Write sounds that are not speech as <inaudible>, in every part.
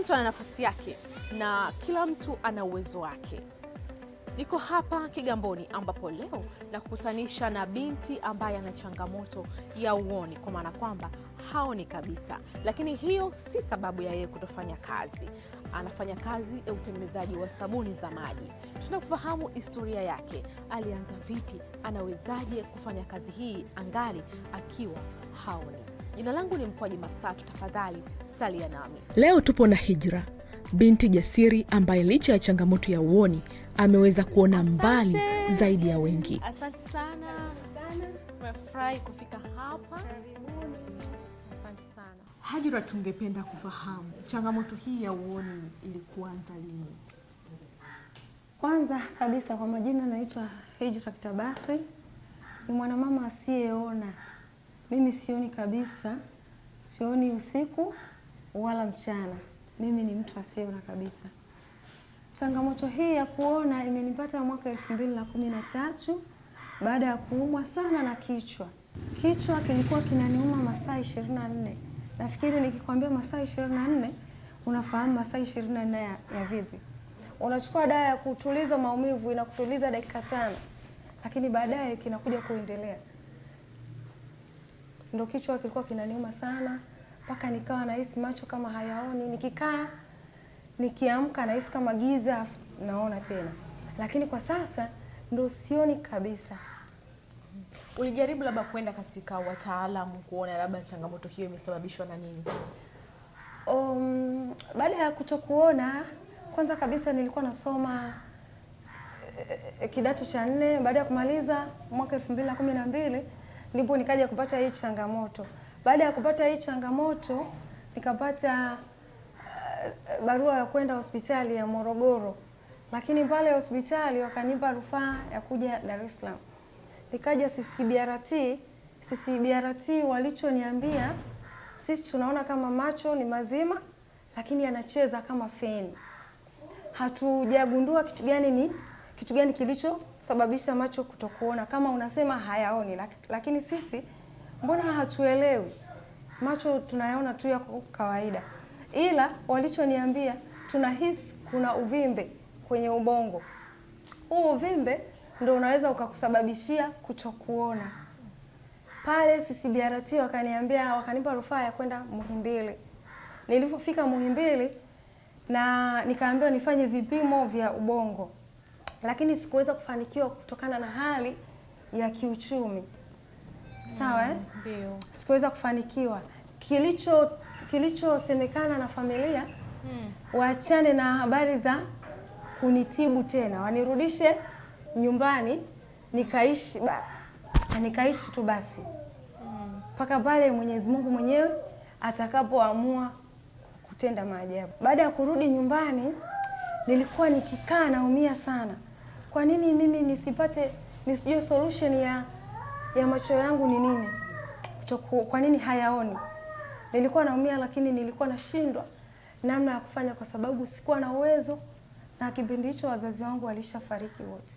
mtu ana nafasi yake na kila mtu ana uwezo wake. Niko hapa Kigamboni ambapo leo kukutanisha na binti ambaye ana changamoto ya uoni, kwa maana kwamba haoni kabisa, lakini hiyo si sababu ya yeye kutofanya kazi. Anafanya kazi ya utengenezaji wa sabuni za maji. Tunakufahamu historia yake, alianza vipi, anawezaje kufanya kazi hii angali akiwa haoni. Jina langu ni Mkwaji Masatu. Tafadhali salia nami. Leo tupo na Hijra, binti jasiri ambaye licha ya changamoto ya uoni ameweza kuona mbali zaidi ya wengi. Asante sana. Tumefurahi kufika hapa. Asante sana. Hajira, tungependa kufahamu changamoto hii ya uoni ilikuanza lini? Kwanza kabisa, kwa majina naitwa Hijra Kitabasi, ni mwanamama asiyeona. Mimi sioni kabisa, sioni usiku wala mchana. Mimi ni mtu asiyeona kabisa. Changamoto hii ya kuona imenipata mwaka elfu mbili na kumi na tatu baada ya kuumwa sana na kichwa. Kichwa kilikuwa kinaniuma masaa ishirini na nne. Nafikiri nikikwambia masaa ishirini na nne unafahamu masaa ishirini na nne ya, ya vipi? Unachukua dawa ya kutuliza maumivu inakutuliza dakika tano, lakini baadaye kinakuja kuendelea. Ndo kichwa kilikuwa kinaniuma sana mpaka nikawa nahisi macho kama hayaoni, nikikaa nikiamka nahisi kama giza, naona tena, lakini kwa sasa ndo sioni kabisa. Ulijaribu labda kwenda katika wataalamu kuona labda changamoto hiyo imesababishwa na nini? Um, baada ya kutokuona, kwanza kabisa nilikuwa nasoma e, kidato cha nne. Baada ya kumaliza mwaka elfu mbili na kumi na mbili ndipo nikaja kupata hii changamoto. Baada ya kupata hii changamoto nikapata uh, barua ya kwenda hospitali ya Morogoro, lakini pale hospitali wakanipa rufaa ya kuja Dar es Salaam. Nikaja CCBRT. CCBRT walichoniambia sisi tunaona kama macho ni mazima, lakini yanacheza kama feni. Hatujagundua kitu gani ni kitu gani kilichosababisha macho kutokuona. Kama unasema hayaoni, lakini sisi mbona hatuelewi? Macho tunayaona tu yako kawaida, ila walichoniambia tunahisi kuna uvimbe kwenye ubongo. Huu uvimbe ndo unaweza ukakusababishia kutokuona. Pale CCBRT wakaniambia, wakanipa rufaa ya kwenda Muhimbili. Nilipofika Muhimbili na nikaambiwa nifanye vipimo vya ubongo, lakini sikuweza kufanikiwa kutokana na hali ya kiuchumi sawa eh? Ndio. Sikuweza kufanikiwa. Kilicho kilichosemekana na familia hmm. Waachane na habari za kunitibu tena, wanirudishe nyumbani nikaishi ba, nikaishi tu basi hmm. mpaka hmm. pale Mwenyezi Mungu mwenyewe atakapoamua kutenda maajabu. Baada ya kurudi nyumbani, nilikuwa nikikaa naumia sana, kwa nini mimi nisipate nisijue solution ya ya macho yangu ni nini? Kutoku, kwa nini hayaoni? Nilikuwa naumia, lakini nilikuwa nashindwa namna ya kufanya, kwa sababu sikuwa na uwezo, na kipindi hicho wazazi wangu walishafariki wote,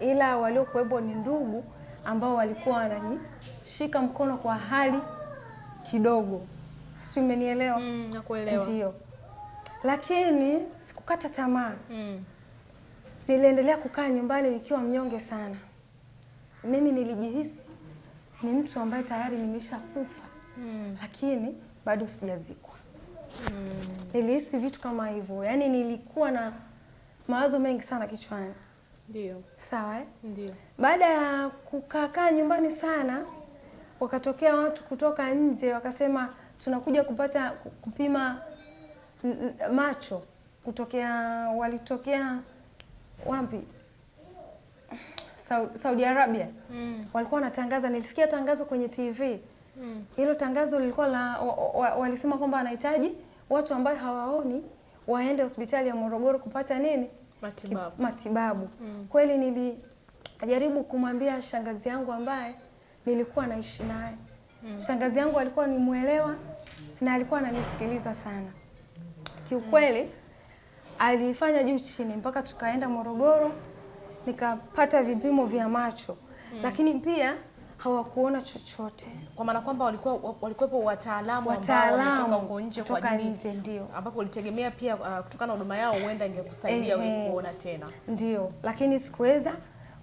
ila waliokuwepo ni ndugu ambao walikuwa wananishika mkono kwa hali kidogo, sijui umenielewa? Mm, nakuelewa. Ndio, lakini sikukata tamaa. Mm. Niliendelea kukaa nyumbani nikiwa mnyonge sana mimi nilijihisi ni mtu ambaye tayari kufa mm. lakini bado sijazikwa mm. nilihisi vitu kama hivyo, yaani nilikuwa na mawazo mengi sana kichwani. Ndio. Sawa eh? Ndio. Baada ya kukaakaa nyumbani sana, wakatokea watu kutoka nje wakasema tunakuja kupata kupima macho kutokea, walitokea wapi? Saudi Arabia mm. walikuwa wanatangaza, nilisikia tangazo kwenye TV mm. hilo mm. tangazo lilikuwa la walisema wa, wa kwamba wanahitaji watu ambao hawaoni waende hospitali ya Morogoro kupata nini matibabu, matibabu. Mm. Kweli nilijaribu kumwambia shangazi yangu ambaye nilikuwa naishi naye mm. shangazi yangu alikuwa ni mwelewa na alikuwa ananisikiliza sana kiukweli, mm. alifanya juu chini mpaka tukaenda Morogoro nikapata vipimo vya macho mm. lakini pia hawakuona chochote, kwa maana kwamba walikuwa walikuwepo wataalamu wataalamu kutoka nje nje, ndio ambapo ulitegemea pia uh, kutokana na huduma yao huenda ingekusaidia wewe kuona tena, ndio lakini sikuweza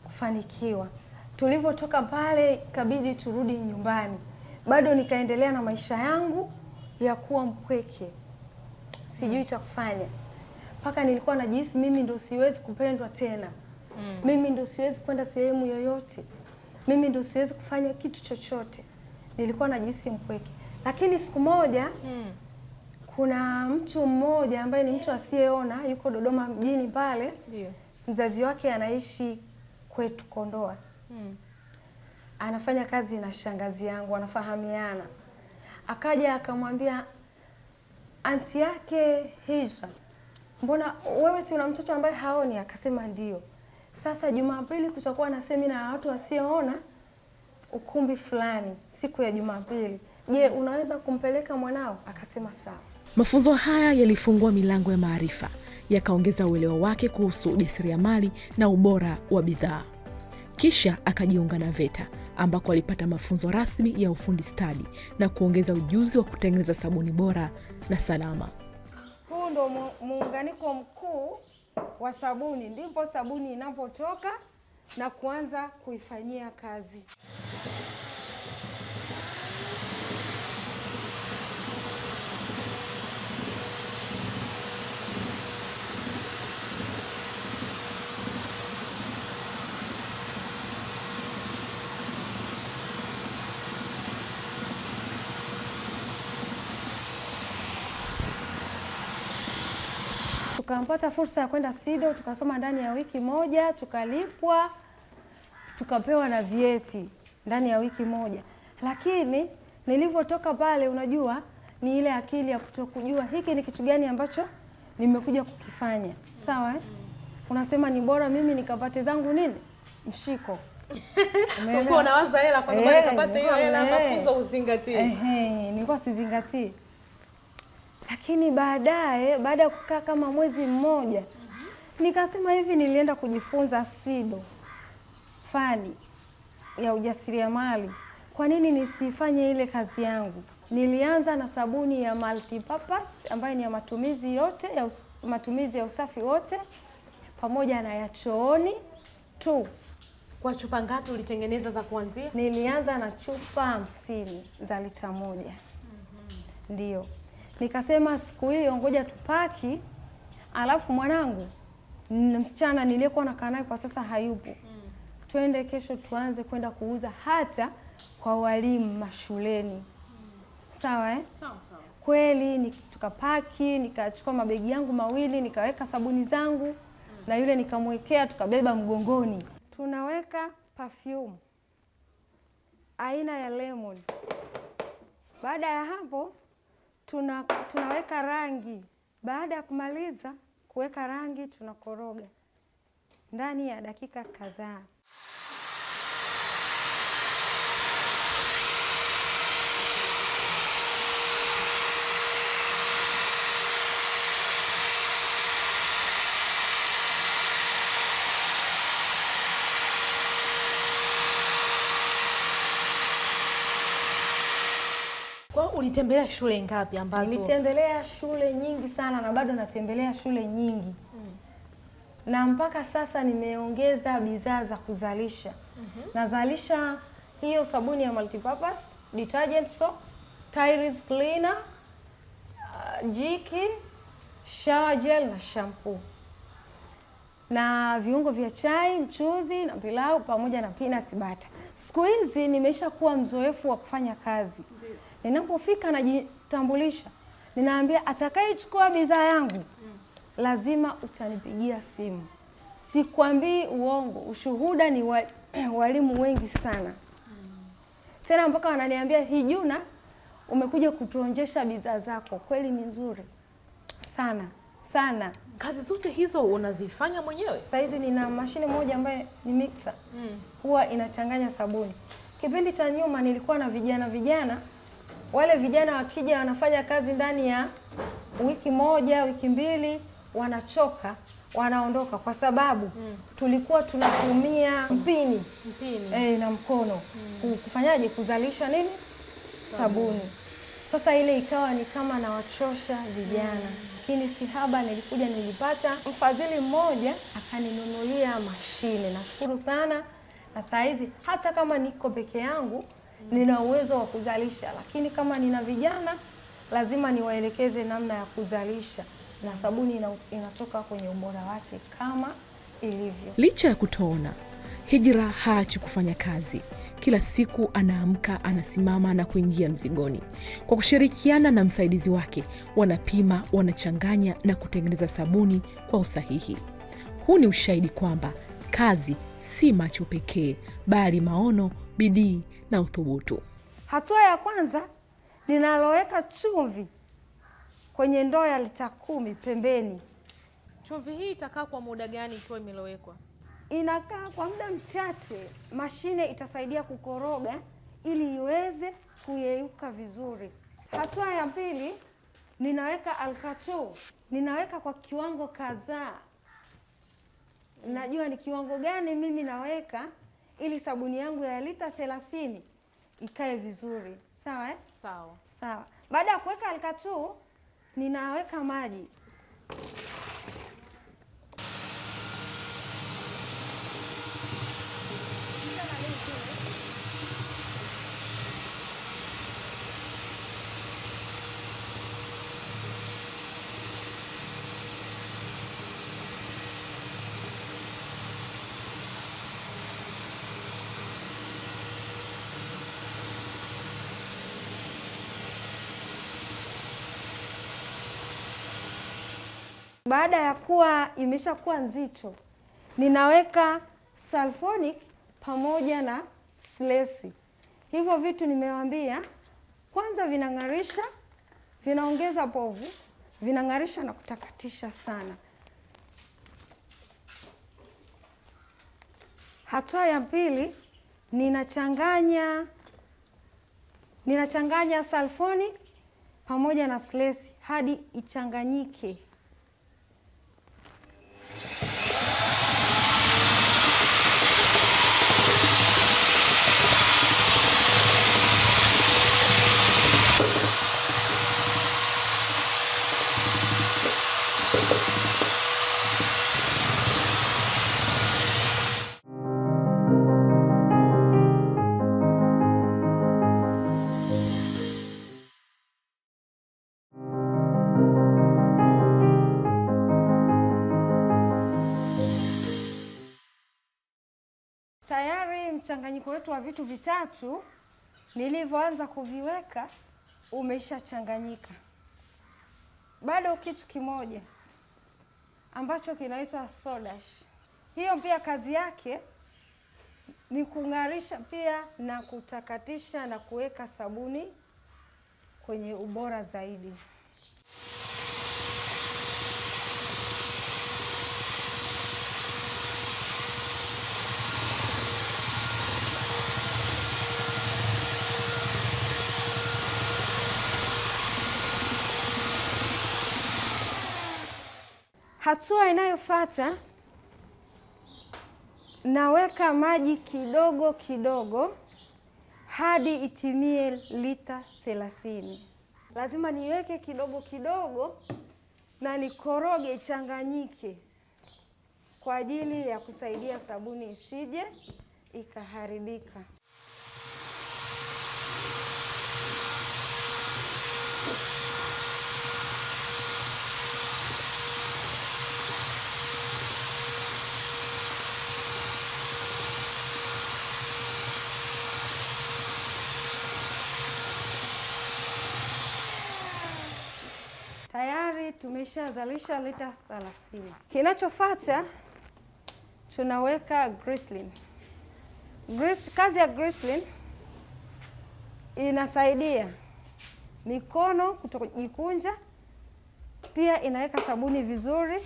kufanikiwa. Tulivyotoka pale, ikabidi turudi nyumbani, bado nikaendelea na maisha yangu ya kuwa mpweke, sijui cha kufanya, mpaka nilikuwa najihisi mimi ndo siwezi kupendwa tena mm. Mimi ndo siwezi kwenda sehemu yoyote, mimi ndo siwezi kufanya kitu chochote, nilikuwa najihisi mpweke. Lakini siku moja mm. kuna mtu mmoja ambaye ni mtu asiyeona yuko Dodoma mjini pale yeah. Mzazi wake anaishi kwetu Kondoa mm. anafanya kazi na shangazi yangu, anafahamiana. Akaja akamwambia anti yake Hijra, mbona wewe si una mtoto ambaye haoni? Akasema ndio. Sasa Jumapili kutakuwa na semina ya watu wasioona ukumbi fulani siku ya Jumapili. Je, unaweza kumpeleka mwanao? Akasema sawa. Mafunzo haya yalifungua milango ya maarifa, yakaongeza uelewa wake kuhusu ujasiriamali na ubora wa bidhaa. Kisha akajiunga na VETA ambako alipata mafunzo rasmi ya ufundi stadi na kuongeza ujuzi wa kutengeneza sabuni bora na salama. Huu ndo muunganiko mkuu wa sabuni, ndipo sabuni inapotoka na kuanza kuifanyia kazi. tukampata fursa ya kwenda SIDO tukasoma ndani ya wiki moja, tukalipwa, tukapewa na vyeti ndani ya wiki moja. Lakini nilivyotoka pale, unajua ni ile akili ya kutokujua hiki ni kitu gani ambacho nimekuja kukifanya, sawa eh? Unasema ni bora mimi nikapate zangu nini mshiko <laughs> eh, nilikuwa eh. sizingatie lakini baadaye, baada ya kukaa kama mwezi mmoja, nikasema hivi, nilienda kujifunza SIDO, fani ya ujasiriamali. Kwa nini nisifanye ile kazi yangu? Nilianza na sabuni ya multipurpose ambayo ni ya matumizi yote ya us, matumizi ya usafi wote pamoja na ya chooni tu. Kwa chupa ngapi ulitengeneza za kuanzia? Nilianza na chupa hamsini za lita moja. mm -hmm. Ndio. Nikasema siku hiyo ngoja tupaki, alafu mwanangu msichana niliyekuwa nakaa naye kwa sasa hayupo mm. Twende kesho tuanze kwenda kuuza hata kwa walimu mashuleni mm. Sawa eh? Sawa, sawa. Kweli ni, tukapaki nikachukua mabegi yangu mawili nikaweka sabuni zangu mm. Na yule nikamwekea tukabeba mgongoni, tunaweka perfume aina ya lemon. Baada ya hapo tuna, tunaweka rangi. Baada ya kumaliza kuweka rangi tunakoroga ndani ya dakika kadhaa. ulitembelea shule ngapi ambazo? Nilitembelea shule nyingi sana na bado natembelea shule nyingi mm. na mpaka sasa nimeongeza bidhaa za kuzalisha mm -hmm. nazalisha hiyo sabuni ya multipurpose, detergent soap, tires cleaner, uh, jiki, shower gel na shampoo na viungo vya chai, mchuzi na pilau pamoja na peanut butter. Siku hizi nimesha kuwa mzoefu wa kufanya kazi -hmm. Ninapofika najitambulisha, ninaambia atakayechukua bidhaa yangu lazima utanipigia simu. Sikwambii uongo, ushuhuda ni wa, <clears throat> walimu wengi sana tena mpaka wananiambia Hijuna, umekuja kutuonjesha bidhaa zako, kweli ni nzuri sana sana. Kazi zote hizo unazifanya mwenyewe? Saa hizi nina mashine moja ambayo ni mixer mm, huwa inachanganya sabuni. Kipindi cha nyuma nilikuwa na vijana vijana wale vijana wakija wanafanya kazi ndani ya wiki moja wiki mbili, wanachoka wanaondoka, kwa sababu mm. tulikuwa tunatumia mpini, mpini. E, na mkono mm. kufanyaje kuzalisha nini sabuni, sabuni. Sasa ile ikawa ni kama nawachosha vijana mm. Lakini sihaba nilikuja nilipata mfadhili mmoja akaninunulia mashine, nashukuru sana, na saa hizi hata kama niko peke yangu nina uwezo wa kuzalisha, lakini kama nina vijana lazima niwaelekeze namna ya kuzalisha, na sabuni ina, inatoka kwenye ubora wake kama ilivyo. Licha ya kutoona, Hijra haachi kufanya kazi. Kila siku anaamka, anasimama na kuingia mzigoni. Kwa kushirikiana na msaidizi wake, wanapima, wanachanganya na kutengeneza sabuni kwa usahihi. Huu ni ushahidi kwamba kazi si macho pekee, bali maono, bidii na uthubutu. Hatua ya kwanza, ninaloweka chumvi kwenye ndoo ya lita kumi pembeni. Chumvi hii itakaa kwa muda gani ikiwa imelowekwa? Inakaa kwa muda mchache, mashine itasaidia kukoroga ili iweze kuyeyuka vizuri. Hatua ya pili, ninaweka alkachu, ninaweka kwa kiwango kadhaa. Najua ni kiwango gani mimi naweka ili sabuni yangu ya lita thelathini ikae vizuri. Sawa eh? Sawa. Sawa. Baada ya kuweka alkatu ninaweka maji baada ya kuwa imeshakuwa nzito, ninaweka sulfonic pamoja na slesi. Hivyo vitu nimewambia, kwanza vinang'arisha, vinaongeza povu, vinang'arisha na kutakatisha sana. Hatua ya pili, ninachanganya ninachanganya sulfonic pamoja na slesi hadi ichanganyike. mchanganyiko wetu wa vitu vitatu nilivyoanza kuviweka umeshachanganyika. Bado kitu kimoja ambacho kinaitwa sodash, hiyo pia kazi yake ni kung'arisha pia na kutakatisha na kuweka sabuni kwenye ubora zaidi. Hatua inayofuata naweka maji kidogo kidogo hadi itimie lita thelathini. Lazima niweke kidogo kidogo na nikoroge ichanganyike kwa ajili ya kusaidia sabuni isije ikaharibika. tumeshazalisha lita 30. Kinachofuata tunaweka grislin. Gris, kazi ya grislin inasaidia mikono kutojikunja, pia inaweka sabuni vizuri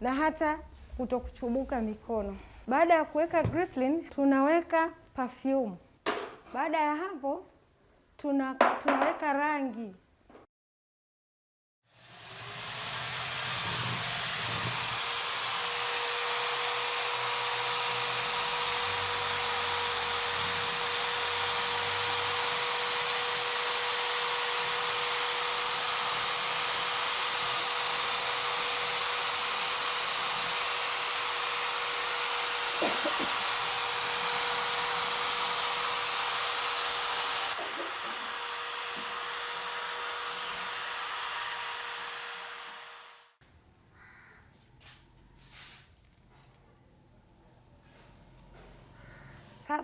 na hata kutokuchubuka mikono. Baada ya kuweka grislin, tunaweka perfume. Baada ya hapo tuna, tunaweka rangi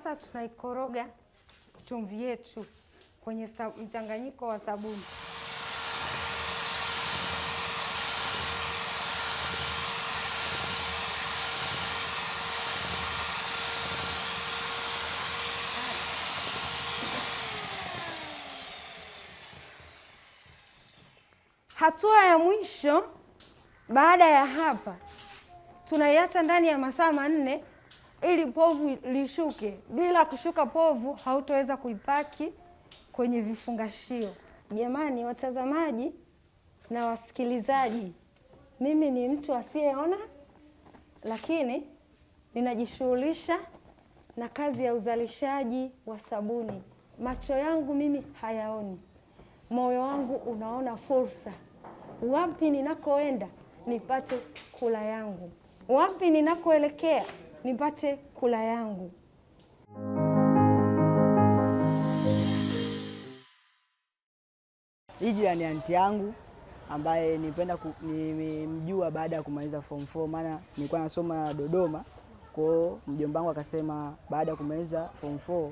Sasa tunaikoroga chumvi yetu kwenye mchanganyiko wa sabuni. Hatua ya mwisho baada ya hapa tunaiacha ndani ya masaa manne ili povu lishuke. Bila kushuka povu, hautoweza kuipaki kwenye vifungashio. Jamani watazamaji na wasikilizaji, mimi ni mtu asiyeona, lakini ninajishughulisha na kazi ya uzalishaji wa sabuni. Macho yangu mimi hayaoni, moyo wangu unaona fursa. Wapi ninakoenda nipate kula yangu, wapi ninakoelekea nipate kula yangu. Hijra ni anti yangu ambaye nipenda nimemjua baada ya kumaliza form 4, maana nilikuwa nasoma Dodoma hiyo Mjomba wangu akasema baada ya kumaliza form 4,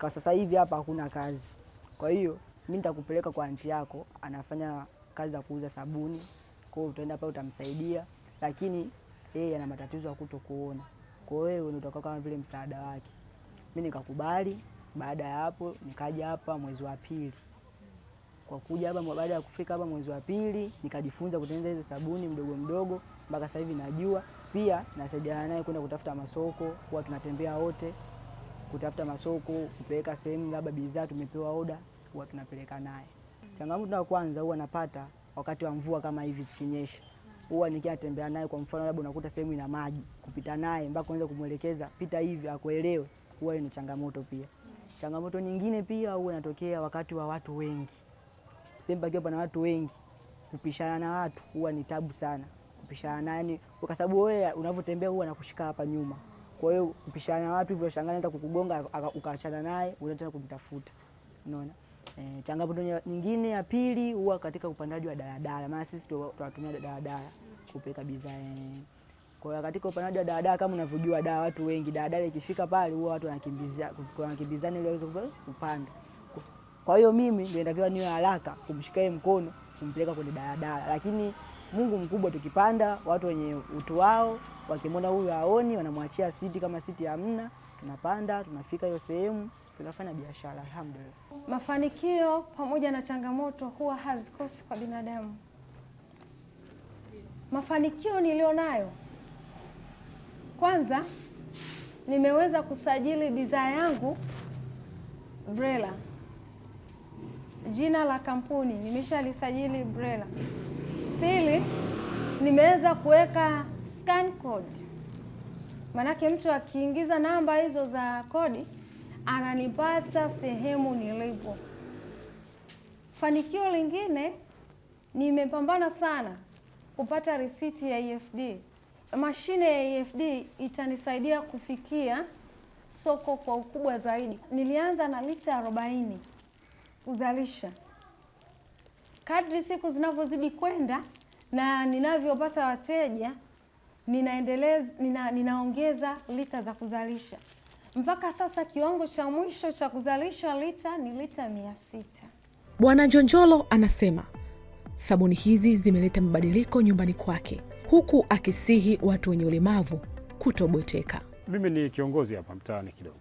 kwa sasa hivi hapa hakuna kazi, kwa hiyo mimi nitakupeleka kwa anti yako, anafanya kazi za kuuza sabuni, kwa hiyo utaenda pale utamsaidia, lakini yeye ana matatizo ya kutokuona kwa wewe unatoka kama vile msaada wake. Mimi nikakubali. Baada ya hapo nikaja hapa mwezi wa pili. Kwa kuja hapa baada ya kufika hapa mwezi wa pili nikajifunza kutengeneza hizo sabuni mdogo mdogo mpaka sasa hivi najua. Pia nasaidiana naye kwenda kutafuta masoko, huwa tunatembea wote kutafuta masoko, kupeleka sehemu labda bidhaa tumepewa oda, huwa tunapeleka naye. Changamoto ya kwanza huwa napata wakati wa mvua kama hivi zikinyesha huwa nikiwa natembea naye, kwa mfano labda unakuta sehemu ina maji, kupita naye mpaka unaweza kumwelekeza pita hivi akuelewe, huwa ni changamoto pia. Changamoto nyingine pia huwa inatokea wakati wa watu wengi, sehemu pakiwa pana watu wengi, kupishana na watu huwa ni tabu sana kupishana yani kwa sababu wewe unavyotembea huwa anakushika hapa nyuma, kwa hiyo kupishana na watu hivyo, shangaza kukugonga ukaachana naye, unataka kumtafuta, unaona. E, changamoto nyingine ya pili huwa katika upandaji wa daladala, maana sisi tunatumia daladala kupeka bidhaa. Kwa hiyo katika upandaji wa daladala kama unavyojua da watu wengi daladala ikifika pale huwa watu wanakimbiza wanakimbizana ili waweze kupanda. Kwa hiyo mimi ndio inatakiwa niwe haraka kumshika mkono kumpeleka kwenye daladala, lakini Mungu mkubwa, tukipanda watu wenye utu wao wakimwona huyu aoni wanamwachia siti, kama siti hamna, tunapanda tunafika hiyo sehemu tunafanya biashara alhamdulillah. Mafanikio pamoja na changamoto huwa hazikosi kwa binadamu. Mafanikio nilionayo, kwanza nimeweza kusajili bidhaa yangu Brela, jina la kampuni nimeshalisajili Brela. Pili, nimeweza kuweka scan code, maanake mtu akiingiza namba hizo za kodi ananipata sehemu nilipo. Fanikio lingine, nimepambana sana kupata risiti ya EFD. Mashine ya EFD itanisaidia kufikia soko kwa ukubwa zaidi. Nilianza na lita 40 kuzalisha. Kadri siku zinavyozidi kwenda na ninavyopata wateja ninaendeleza, nina, ninaongeza lita za kuzalisha. Mpaka sasa kiwango cha mwisho cha kuzalisha lita ni lita mia sita. Bwana Njonjolo anasema sabuni hizi zimeleta mabadiliko nyumbani kwake, huku akisihi watu wenye ulemavu kutobweteka. Mimi ni kiongozi hapa mtaani kidogo,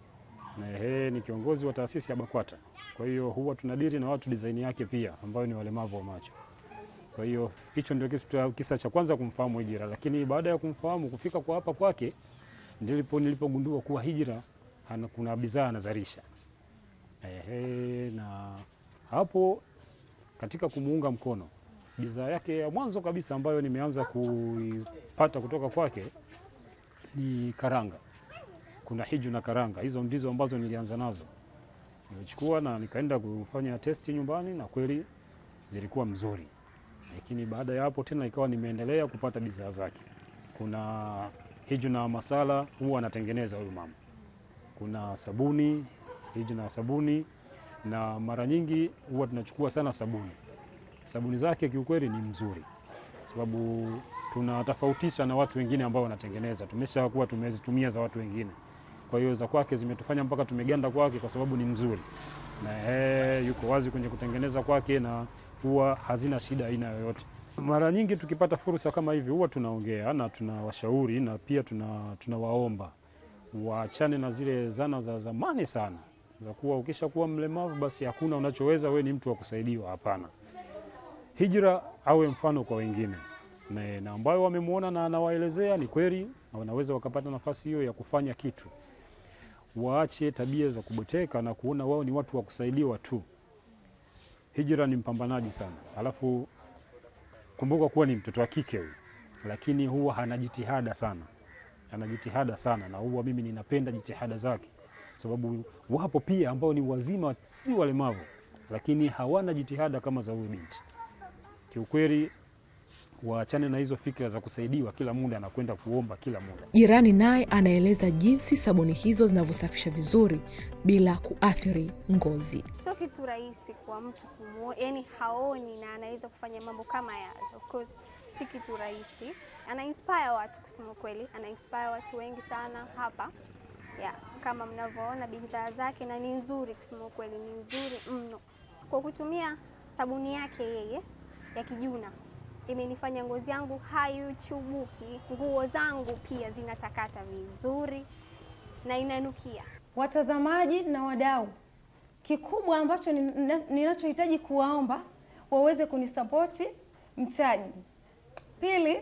ehe, ni kiongozi wa taasisi ya BAKWATA. Kwa hiyo huwa tunadiri na watu design yake pia, ambayo ni walemavu wa macho. Kwa hiyo hicho ndio kisa cha kwanza kumfahamu Hijira, lakini baada ya kumfahamu kufika kwa hapa kwake ndipo nilipogundua kuwa Hijira kuna bidhaa anazalisha ehe, na hapo katika kumuunga mkono bidhaa yake ya mwanzo kabisa ambayo nimeanza kuipata kutoka kwake ni karanga. Kuna hiju na karanga, hizo ndizo ambazo nilianza nazo, nilichukua na nikaenda kufanya testi nyumbani na kweli zilikuwa mzuri, lakini baada ya hapo tena ikawa nimeendelea kupata bidhaa zake. Kuna hiju na masala huwa anatengeneza huyu mama kuna sabuni na sabuni, na mara nyingi huwa tunachukua sana sabuni. Sabuni zake kiukweli ni mzuri, sababu tunatofautisha na watu wengine ambao wanatengeneza, tumeshakuwa tumezitumia za watu wengine, kwa hiyo za kwake zimetufanya mpaka tumeganda kwake, kwa sababu ni mzuri na he, yuko wazi kwenye kutengeneza kwake, na huwa hazina shida aina yoyote. Mara nyingi tukipata fursa kama hivi, huwa tunaongea na tunawashauri na pia tunawaomba tuna waachane na zile zana za zamani sana za kuwa ukishakuwa mlemavu basi hakuna unachoweza, we ni mtu wa kusaidiwa. Hapana, Hijra awe mfano kwa wengine na, na ambayo wamemwona na anawaelezea ni kweli, wanaweza wakapata nafasi hiyo ya kufanya kitu. Waache tabia za kuboteka na kuona wao ni watu wa kusaidiwa tu. Hijra ni mpambanaji sana, alafu kumbuka kuwa ni mtoto wa kike huyu, lakini huwa hana jitihada sana ana jitihada sana, na huwa mimi ninapenda jitihada zake, sababu wapo pia ambao ni wazima, si walemavu, lakini hawana jitihada kama za huyu binti. Kiukweli waachane na hizo fikra za kusaidiwa kila muda na kwenda kuomba kila muda. Jirani naye anaeleza jinsi sabuni hizo zinavyosafisha vizuri bila kuathiri ngozi. Sio kitu rahisi kwa mtu kumuo, yani haoni na anaweza kufanya mambo kama yale. Of course si kitu rahisi. Ana inspire watu kusema kweli, ana inspire watu wengi sana hapa yeah. Kama mnavyoona bidhaa zake, na ni nzuri kusema kweli, ni nzuri mno. Kwa kutumia sabuni yake yeye ya Kijuna imenifanya ngozi yangu hayuchubuki, nguo zangu pia zinatakata vizuri na inanukia. Watazamaji na wadau, kikubwa ambacho ninachohitaji kuwaomba waweze kunisapoti mtaji Pili,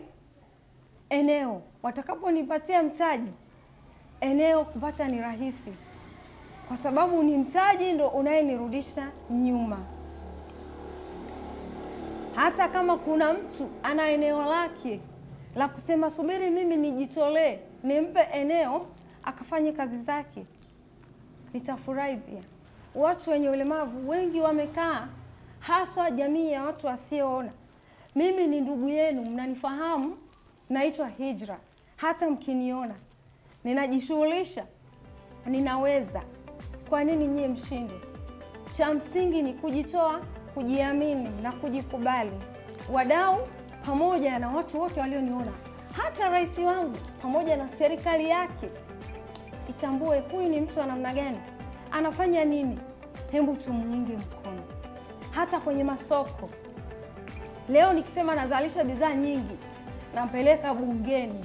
eneo watakaponipatia mtaji, eneo kupata ni rahisi, kwa sababu ni mtaji ndo unayenirudisha nyuma. Hata kama kuna mtu ana eneo lake la kusema subiri, mimi nijitolee, nimpe eneo akafanye kazi zake, nitafurahi pia. Watu wenye ulemavu wengi wamekaa, haswa jamii ya watu wasioona mimi ni ndugu yenu, mnanifahamu. Naitwa Hijra, hata mkiniona ninajishughulisha, ninaweza. Kwa nini nyie mshinde? Cha msingi ni kujitoa, kujiamini na kujikubali. Wadau pamoja na watu wote walioniona, hata rais wangu pamoja na serikali yake itambue huyu ni mtu wa namna gani, anafanya nini. Hebu tumuunge mkono hata kwenye masoko. Leo nikisema nazalisha bidhaa nyingi, nampeleka bungeni,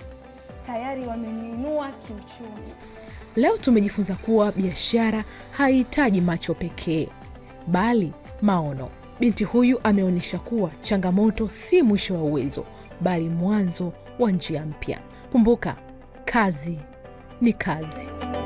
tayari wameniinua kiuchumi. Leo tumejifunza kuwa biashara haihitaji macho pekee, bali maono. Binti huyu ameonyesha kuwa changamoto si mwisho wa uwezo, bali mwanzo wa njia mpya. Kumbuka, kazi ni kazi.